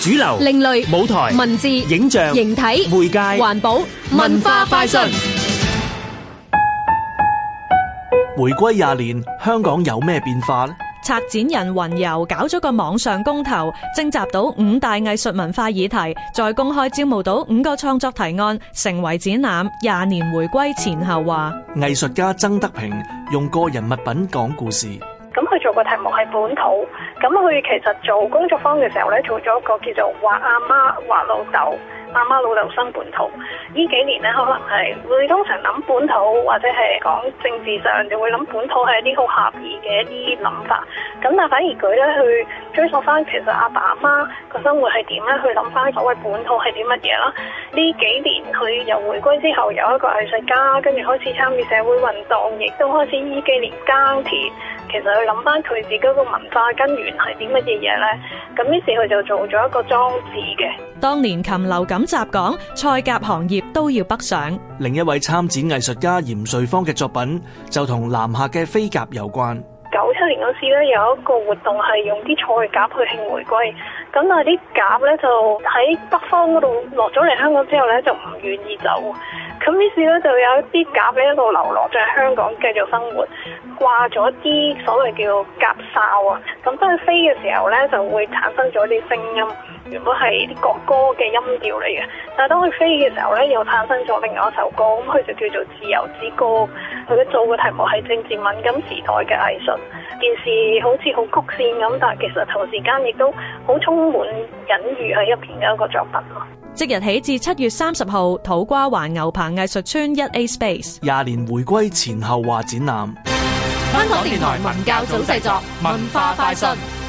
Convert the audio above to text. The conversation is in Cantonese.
主流、另類、舞台、文字、影像、形體、媒介、環保、文化快訊。回歸廿年，香港有咩變化咧？策展人云游搞咗個網上公投，徵集到五大藝術文化議題，再公開招募到五個創作提案，成為展覽廿年回歸前後話。藝術家曾德平用個人物品講故事。佢做個題目係本土，咁佢其實做工作坊嘅時候咧，做咗一個叫做畫阿媽畫老豆，阿媽老豆新本土。呢幾年咧，可能係會通常諗本土或者係講政治上，就會諗本土係一啲好狹義嘅一啲諗法。咁但反而佢咧去追溯返，其實阿爸阿媽。生活係點咧？去諗翻所謂本土係啲乜嘢啦？呢幾年佢由回歸之後，有一個藝術家跟住開始參與社會運動，亦都開始依幾年耕田。其實去諗翻佢自己個文化根源係啲乜嘢嘢咧？咁於是佢就做咗一個裝置嘅。當年禽流感襲港，菜鴿行業都要北上。另一位參展藝術家嚴瑞芳嘅作品就同南下嘅飛鴿有關。七年嗰次咧，有一個活動係用啲菜鴿去慶回歸。咁但係啲鴿咧就喺北方嗰度落咗嚟香港之後咧，就唔願意走。咁於是咧就有一啲鴿一路流落，就喺香港繼續生活，掛咗啲所謂叫鴿哨啊。咁當佢飛嘅時候咧，就會產生咗啲聲音，原本係啲國歌嘅音調嚟嘅。但係當佢飛嘅時候咧，又產生咗另外一首歌，咁佢就叫做《自由之歌》。佢都做嘅題目係政治敏感時代嘅藝術。件事好似好曲線咁，但係其實同時間亦都好充滿隱喻喺入邊嘅一個作品咯。即日起至七月三十號，土瓜灣牛棚藝術村一 A Space 廿年回歸前後畫展覽。香港電台文教組製作，文化快訊。